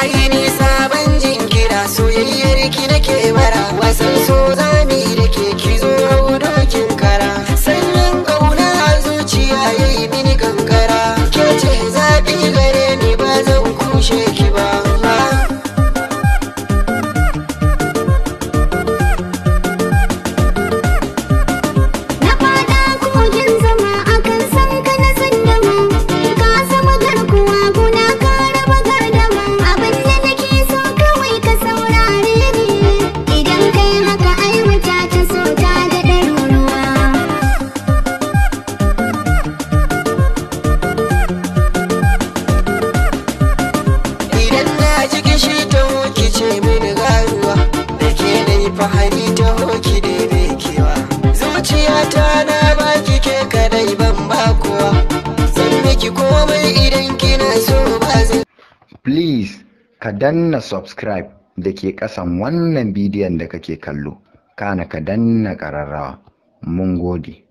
na yi nisa ban jin soyayyar ki nake bara wasan so zami da ke ki zo hau dokin kara sanyin ƙauna a zuciya yayi mini kankara ke ce zaɓi cikin shi ta hoki ce mini garuwa da ke na yi fahari ta hoki daidai kewa zuciyata na baki ke kadai ban ba kowa zan miki komai idan kina so ba zan please ka danna subscribe da ke kasan wannan bidiyon da kake kallo kana ka danna kararrawa mun gode